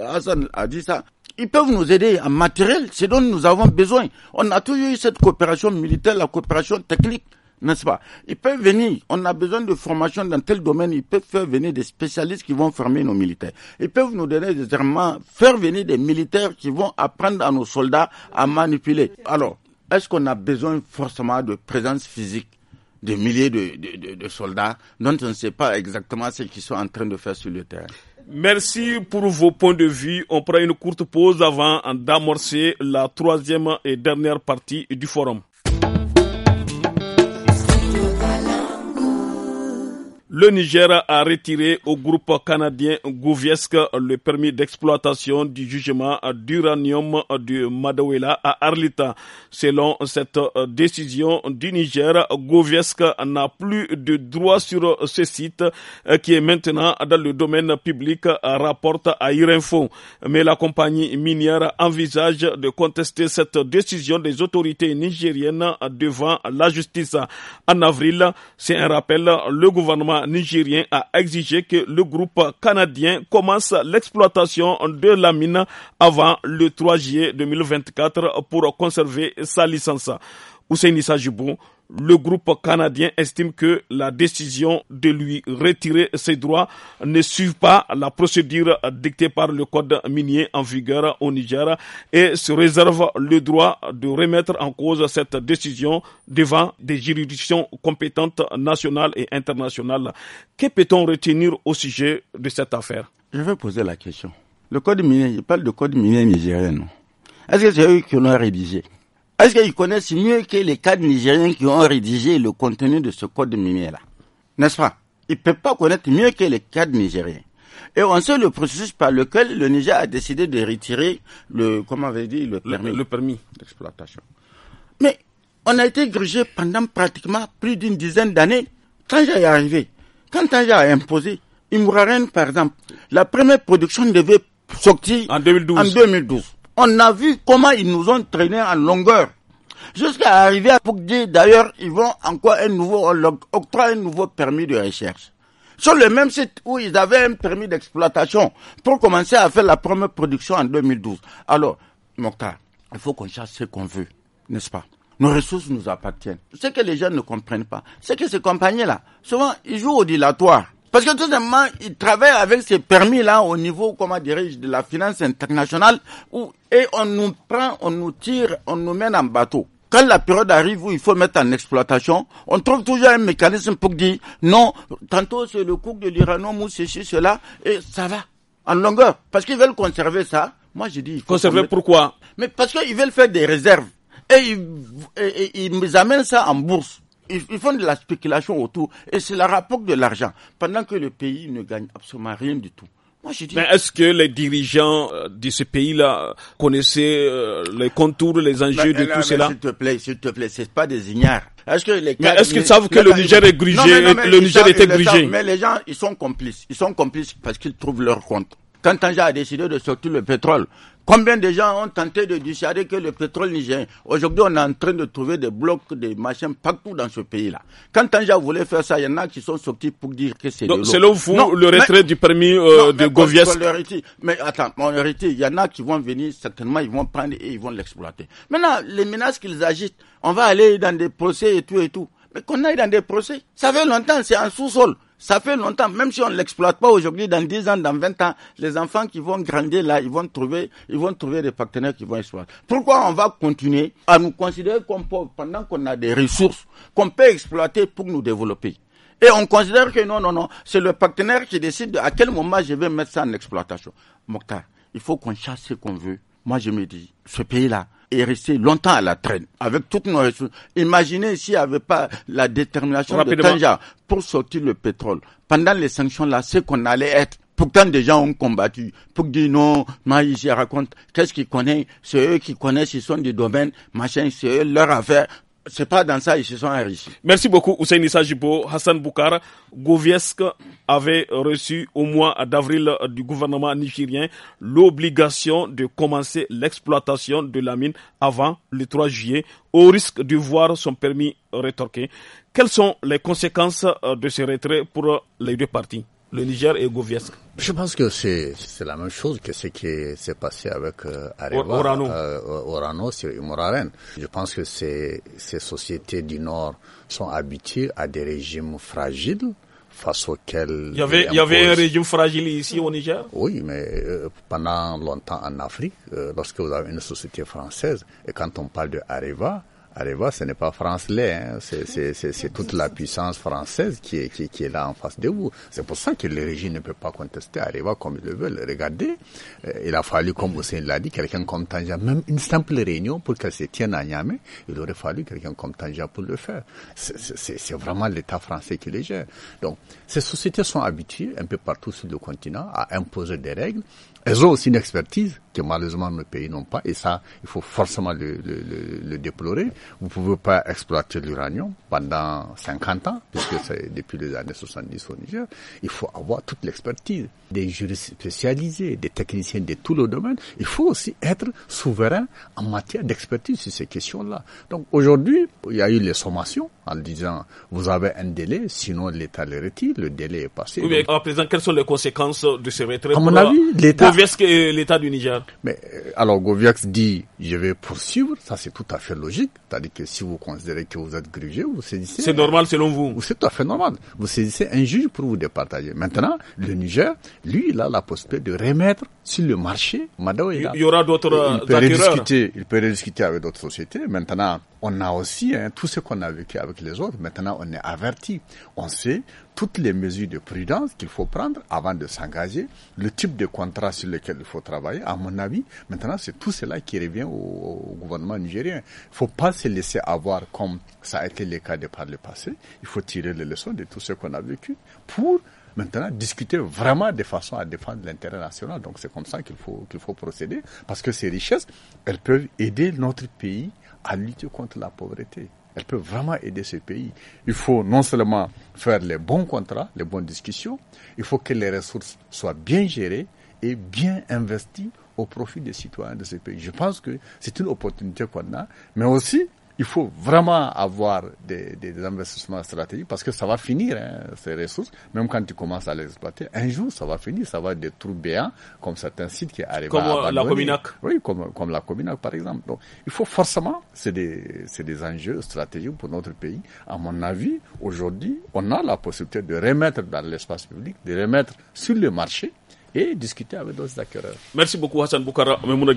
S2: Hassan a dit ça. Ils peuvent nous aider en matériel, c'est dont nous avons besoin. On a toujours eu cette coopération militaire, la coopération technique n'est-ce pas Ils peuvent venir, on a besoin de formation dans tel domaine, ils peuvent faire venir des spécialistes qui vont former nos militaires. Ils peuvent nous donner des armements, faire venir des militaires qui vont apprendre à nos soldats à manipuler. Alors, est-ce qu'on a besoin forcément de présence physique de milliers de, soldats dont on ne sait pas exactement ce qu'ils sont en train de faire sur le terrain
S1: Merci pour vos points de vue. On prend une courte pause avant d'amorcer la troisième et dernière partie du forum. Le Niger a retiré au groupe canadien Gouviesque le permis d'exploitation du jugement d'uranium du Madawela à Arlita. Selon cette euh, décision du Niger, Gouviesque n'a plus de droit sur ce site euh, qui est maintenant dans le domaine public, euh, rapporte à Irinfo. Mais la compagnie minière envisage de contester cette décision des autorités nigériennes devant la justice. En avril, c'est un rappel, le gouvernement nigérien a exigé que le groupe canadien commence l'exploitation de la mine avant le 3 juillet 2024 pour conserver sa licence. Ousseini Sajibou, le groupe canadien estime que la décision de lui retirer ses droits ne suit pas la procédure dictée par le code minier en vigueur au Niger et se réserve le droit de remettre en cause cette décision devant des juridictions compétentes nationales et internationales. Que peut-on retenir au sujet de cette affaire Je vais poser la question.
S2: Le code minier, je parle de code minier nigérien. Est-ce que c'est eux qui l'ont rédigé est-ce qu'ils connaissent mieux que les cadres nigériens qui ont rédigé le contenu de ce code minier-là N'est-ce pas Ils ne peuvent pas connaître mieux que les cadres nigériens. Et on sait le processus par lequel le Niger a décidé de retirer le, comment avait dit, le permis. d'exploitation. Mais on a été grugé pendant pratiquement plus d'une dizaine d'années. Tanja est arrivé. Quand Tanja a imposé, Imouraren par exemple, la première production devait sortir En 2012. On a vu comment ils nous ont traînés en longueur. Jusqu'à arriver à Boukdi. d'ailleurs, ils vont encore un nouveau, octroyer un nouveau permis de recherche. Sur le même site où ils avaient un permis d'exploitation pour commencer à faire la première production en 2012. Alors, Mokta, il faut qu'on chasse ce qu'on veut, n'est-ce pas? Nos ressources nous appartiennent. Ce que les gens ne comprennent pas, c'est que ces compagnies-là, souvent, ils jouent au dilatoire. Parce que tout simplement, ils travaillent avec ces permis-là au niveau, comment dirais-je, de la finance internationale, où, et on nous prend, on nous tire, on nous mène en bateau. Quand la période arrive où il faut mettre en exploitation, on trouve toujours un mécanisme pour dire non, tantôt c'est le coup de l'uranium ou ceci, cela, et ça va en longueur. Parce qu'ils veulent conserver ça. Moi, je dis. Conserver pourquoi Mais parce qu'ils veulent faire des réserves. Et ils, et ils amènent ça en bourse ils, font de la spéculation autour et c'est la rapporte de l'argent, pendant
S1: que le pays ne gagne absolument rien du tout. Moi, je dis... Mais est-ce que les dirigeants euh, de ce pays-là connaissaient euh, les contours, les enjeux de tout cela S'il te plaît, s'il te plaît, c'est pas des ignares.
S2: Est-ce que mais est-ce qu'ils savent que le Niger est grigé, le Niger était grigé Mais les gens, ils sont complices. Ils sont complices parce qu'ils trouvent leur compte. Quand Tanja a décidé de sortir le pétrole, Combien de gens ont tenté de décharger que le pétrole nigérien Aujourd'hui, on est en train de trouver des blocs, des machins partout dans ce pays-là. Quand Tanja voulait faire ça, il y en a qui sont sortis pour dire que c'est de l'eau. Selon vous, le retrait du permis euh, de Govies Mais attends, mon héritier il y en a qui vont venir, certainement, ils vont prendre et ils vont l'exploiter. Maintenant, les menaces qu'ils agitent, on va aller dans des procès et tout et tout. Mais qu'on aille dans des procès, ça fait longtemps, c'est en sous-sol. Ça fait longtemps, même si on ne l'exploite pas aujourd'hui, dans 10 ans, dans 20 ans, les enfants qui vont grandir là, ils vont trouver, ils vont trouver des partenaires qui vont exploiter. Pourquoi on va continuer à nous considérer comme pauvres pendant qu'on a des ressources qu'on peut exploiter pour nous développer? Et on considère que non, non, non, c'est le partenaire qui décide à quel moment je vais mettre ça en exploitation. Mokhtar, il faut qu'on chasse ce qu'on veut. Moi, je me dis, ce pays-là, est resté longtemps à la traîne, avec toutes nos ressources. Imaginez s'il n'y avait pas la détermination de pour sortir le pétrole. Pendant les sanctions-là, c'est qu'on allait être Pourtant, des gens ont combattu pour dire non, moi, ils raconte. qu'est-ce qu'ils connaissent, c'est eux qui connaissent, ils sont du domaine, machin, c'est eux leur affaire c'est
S1: pas dans ça ils se sont enrichis. Merci beaucoup Hussein Issa Hassan Boukar, Gouviesque avait reçu au mois d'avril euh, du gouvernement nigérien l'obligation de commencer l'exploitation de la mine avant le 3 juillet au risque de voir son permis rétorqué. Quelles sont les conséquences euh, de ce retrait pour euh, les deux
S3: parties le Niger et Goviesque. Je pense que c'est la même chose que ce qui s'est passé avec euh, Areva, Orano, euh, Orano sur Je pense que ces, ces sociétés du Nord sont habituées à des régimes fragiles face auxquels... Il y avait, il y avait un régime fragile ici au Niger Oui, mais euh, pendant longtemps en Afrique, lorsque vous avez une société française, et quand on parle de Areva, allez ce n'est pas français, hein. c'est toute la puissance française qui est, qui, qui est là en face de vous. C'est pour ça que le régime ne peut pas contester, allez comme ils le veulent. Regardez, euh, il a fallu, comme Hussein l'a dit, quelqu'un comme Tanja, même une simple réunion pour qu'elle se tienne à Niamey, il aurait fallu quelqu'un comme Tanja pour le faire. C'est vraiment l'État français qui les gère. Donc, ces sociétés sont habituées un peu partout sur le continent à imposer des règles. Elles ont aussi une expertise malheureusement nos pays n'ont pas, et ça, il faut forcément le, déplorer. Vous ne pouvez pas exploiter l'uranium pendant 50 ans, puisque c'est depuis les années 70 au Niger. Il faut avoir toute l'expertise, des juristes spécialisés, des techniciens de tous les domaines. Il faut aussi être souverain en matière d'expertise sur ces questions-là. Donc aujourd'hui, il y a eu les sommations en disant, vous avez un délai, sinon l'État le retire, le délai est passé. Oui,
S1: mais présent, quelles sont les conséquences de ce retrait À mon avis, l'État... Euh, L'État du
S3: Niger mais euh, alors Goviax dit je vais poursuivre, ça c'est tout à fait logique, c'est-à-dire que si vous considérez que vous êtes grugé, vous saisissez. C'est normal selon vous. C'est tout à fait normal. Vous saisissez un juge pour vous départager. Maintenant, le Niger, lui, il a la possibilité de remettre sur le marché Madawaya. Il, y aura
S1: d'autres. Il peut rediscuter,
S3: il peut rediscuter avec d'autres sociétés. Maintenant, on a aussi hein, tout ce qu'on a vécu avec les autres. Maintenant, on est averti, on sait toutes les mesures de prudence qu'il faut prendre avant de s'engager, le type de contrat sur lequel il faut travailler, à mon avis, maintenant c'est tout cela qui revient au, gouvernement nigérien. Il ne faut pas se laisser avoir comme ça a été le cas de par le passé. Il faut tirer les leçons de tout ce qu'on a vécu pour maintenant discuter vraiment de façon à défendre l'intérêt national. Donc c'est comme ça qu'il faut, qu'il faut procéder, parce que ces richesses, elles peuvent aider notre pays à lutter contre la pauvreté elle peut vraiment aider ce pays. Il faut non seulement faire les bons contrats, les bonnes discussions, il faut que les ressources soient bien gérées et bien investies au profit des citoyens de ce pays. Je pense que c'est une opportunité qu'on a, mais aussi il faut vraiment avoir des, des, investissements stratégiques parce que ça va finir, hein, ces ressources. Même quand tu commences à les exploiter, un jour, ça va finir. Ça va être des trous béants, comme certains sites qui arrivent comme Comme euh, la Cominac. Oui, comme, la Cominac, par exemple. Donc, il faut forcément, c'est des, c'est des enjeux stratégiques pour notre pays. À mon avis, aujourd'hui, on a la possibilité de remettre dans l'espace public, de remettre sur le marché et discuter avec d'autres acteurs.
S1: Merci beaucoup Hassan Boukara Memouna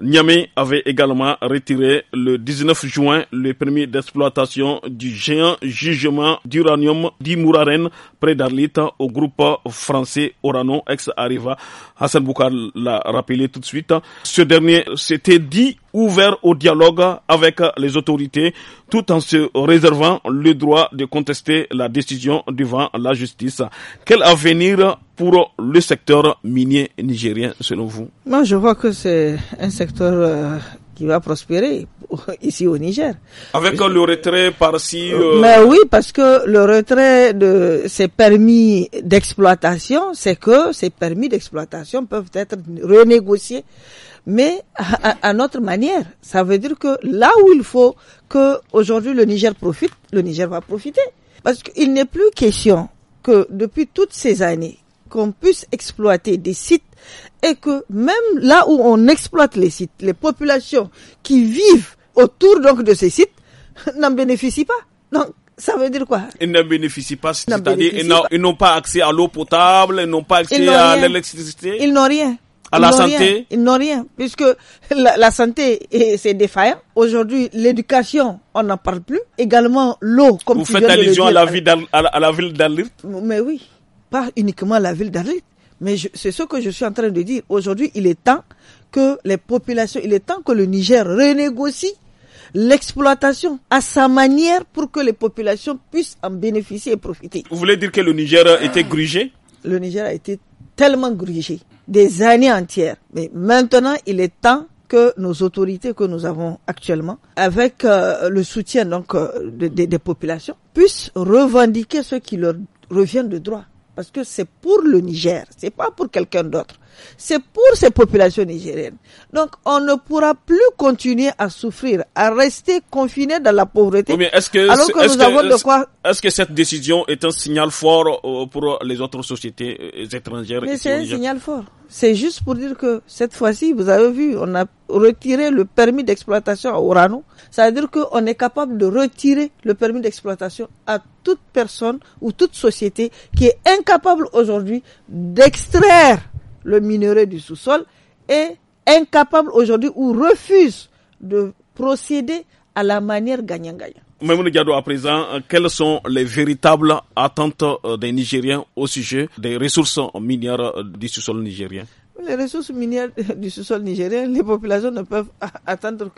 S1: Niamey avait également retiré le 19 juin le permis d'exploitation du géant jugement d'uranium d'Imouraren près d'Arlit au groupe français Orano ex ariva Hassan Boukara l'a rappelé tout de suite. Ce dernier s'était dit ouvert au dialogue avec les autorités tout en se réservant le droit de contester la décision devant la justice. Quel avenir pour le secteur minier nigérien, selon vous
S4: Moi, je vois que c'est un secteur euh, qui va prospérer ici au Niger.
S1: Avec le retrait par-ci. Euh, euh, mais oui,
S4: parce que le retrait de ces permis d'exploitation, c'est que ces permis d'exploitation peuvent être renégociés, mais à, à, notre manière. Ça veut dire que là où il faut que aujourd'hui le Niger profite, le Niger va profiter. Parce qu'il n'est plus question que depuis toutes ces années qu'on puisse exploiter des sites et que même là où on exploite les sites, les populations qui vivent autour donc de ces sites n'en bénéficient pas. Donc, ça veut dire quoi
S1: Ils ne bénéficient pas, c'est-à-dire ils n'ont pas accès à l'eau potable, ils n'ont pas accès à l'électricité. Ils
S4: n'ont rien. À la santé Ils n'ont rien, puisque la, santé, c'est défaillant. Aujourd'hui, l'éducation, on n'en parle plus. Également, l'eau, comme Vous faites allusion à la,
S1: ville à la ville d'Alir
S4: Mais oui pas uniquement la ville d'Arlit, mais c'est ce que je suis en train de dire. Aujourd'hui, il est temps que les populations, il est temps que le Niger renégocie l'exploitation à sa manière pour que les populations puissent en bénéficier et profiter. Vous
S1: voulez dire que le Niger a ah. été grugé
S4: Le Niger a été tellement grugé, des années entières. Mais maintenant, il est temps que nos autorités que nous avons actuellement, avec euh, le soutien donc euh, des populations, puissent revendiquer ce qui leur revient de droit. Parce que c'est pour le Niger, c'est pas pour quelqu'un d'autre. C'est pour ces populations nigériennes. Donc, on ne pourra plus continuer à souffrir, à rester confiné dans la pauvreté. est-ce que, alors que de quoi.
S1: Est-ce que cette décision est un signal fort euh, pour les autres sociétés euh, étrangères Mais c'est un signal
S4: fort. C'est juste pour dire que cette fois-ci, vous avez vu, on a retiré le permis d'exploitation à Orano. Ça veut dire qu'on est capable de retirer le permis d'exploitation à toute personne ou toute société qui est incapable aujourd'hui d'extraire le minerai du sous-sol, est incapable aujourd'hui ou refuse de procéder à la manière gagnant-gagnant.
S1: Mme Diado, à présent, quelles sont les véritables attentes euh, des Nigériens au sujet des ressources minières euh, du sous-sol nigérien
S4: Les ressources minières du sous-sol nigérien, les populations ne peuvent attendre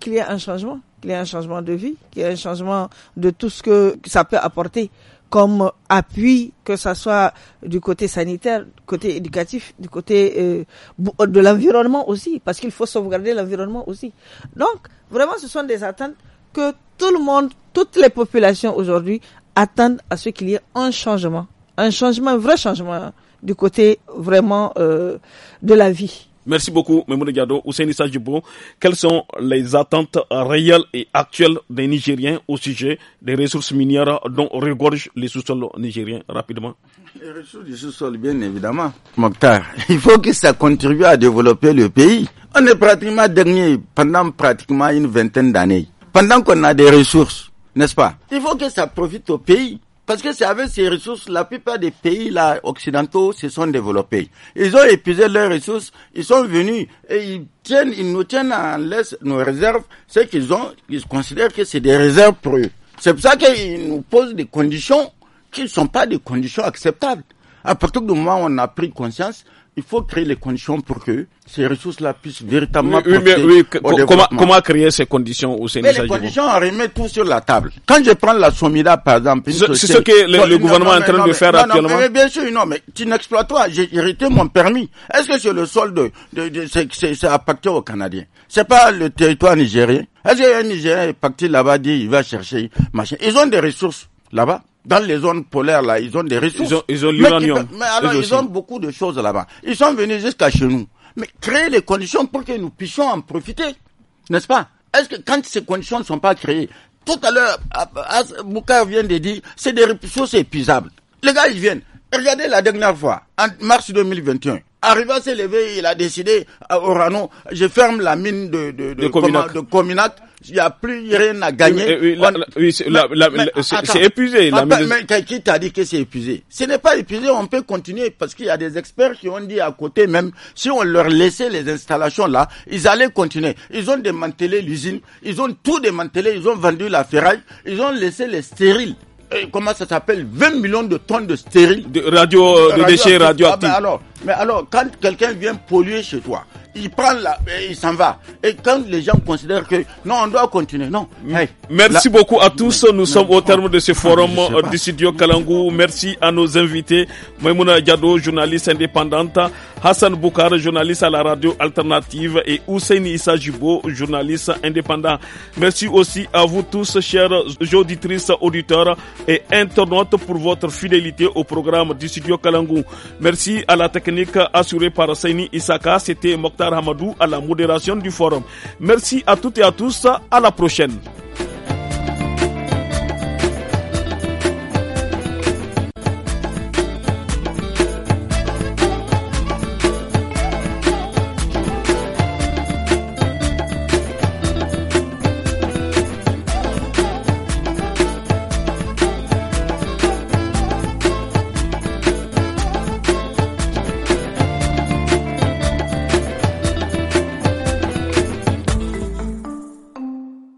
S4: qu'il y ait un changement, qu'il y ait un changement de vie, qu'il y ait un changement de tout ce que ça peut apporter comme appui, que ce soit du côté sanitaire, du côté éducatif, du côté euh, de l'environnement aussi, parce qu'il faut sauvegarder l'environnement aussi. Donc, vraiment, ce sont des attentes que tout le monde, toutes les populations aujourd'hui attendent à ce qu'il y ait un changement, un changement, un vrai changement du côté vraiment euh, de la vie.
S1: Merci beaucoup, au sein Ousseini Sajibo. Quelles sont les attentes réelles et actuelles des Nigériens au sujet des ressources minières dont regorge les sous sols nigériens rapidement Les
S2: ressources du sous-sol, bien évidemment. Mokhtar, il faut que ça contribue à développer le pays. On est pratiquement dernier pendant pratiquement une vingtaine d'années. Pendant qu'on a des ressources, n'est-ce pas Il faut que ça profite au pays. Parce que c'est avec ces ressources, la plupart des pays là, occidentaux se sont développés. Ils ont épuisé leurs ressources, ils sont venus et ils tiennent, ils nous tiennent en laisse nos réserves, ce qu'ils ont, ils considèrent que c'est des réserves pour eux. C'est pour ça qu'ils nous posent des conditions qui ne sont pas des conditions acceptables. À partir du moment où on a pris conscience, il faut créer les conditions pour que ces ressources-là puissent véritablement oui, oui, comment, comment,
S1: créer ces conditions au Sénégal Mais les conditions,
S2: on remet tout sur la table. Quand je prends la Somida, par exemple... C'est ce que le, gouvernement est en train de faire actuellement Non, mais, bien sûr, non, mais tu n'exploites pas. J'ai hérité mon permis. Est-ce que c'est le sol de... de, de c'est appartient aux Canadiens. C'est pas le territoire nigérien. Est-ce qu'un Nigérien est parti là-bas, dit, il va chercher... Machin. Ils ont des ressources là-bas. Dans les zones polaires, là, ils ont des ressources. Ils ont, l'uranium. Mais, alors, ils, ont beaucoup de choses là-bas. Ils sont venus jusqu'à chez nous. Mais créer les conditions pour que nous puissions en profiter. N'est-ce pas? Est-ce que quand ces conditions ne sont pas créées, tout à l'heure, Boukar vient de dire, c'est des ressources épuisables. Les gars, ils viennent. Regardez la dernière fois, en mars 2021. Arrivé à s'élever, il a décidé, à Orano, je ferme la mine de, de, de, de de Cominac il n'y a plus rien à gagner. c'est épuisé. mais qui t'a dit que c'est épuisé Ce n'est pas épuisé, on peut continuer parce qu'il y a des experts qui ont dit à côté même, si on leur laissait les installations là, ils allaient continuer. Ils ont démantelé l'usine, ils ont tout démantelé, ils ont vendu la ferraille, ils ont laissé les stériles comment ça s'appelle 20 millions de tonnes de stériles de radio, euh, de déchets ah ben radioactifs. alors, mais alors quand quelqu'un vient polluer chez toi, il prend là,
S1: et il s'en va. Et quand les gens considèrent que non, on doit continuer, non. Mm. Merci beaucoup à tous. Nous sommes au terme de ce ah, forum du studio Kalangou. Merci à nos invités. Maimouna Diado, journaliste indépendante. Hassan Boukar, journaliste à la radio alternative. Et Hussein Issa Jibo, journaliste indépendant. Merci aussi à vous tous, chers auditrices, auditeurs et internautes pour votre fidélité au programme du studio Kalangou. Merci à la technique assurée par Saini Isaka. C'était Mokta. Hamadou à la modération du forum. Merci à toutes et à tous. À la prochaine.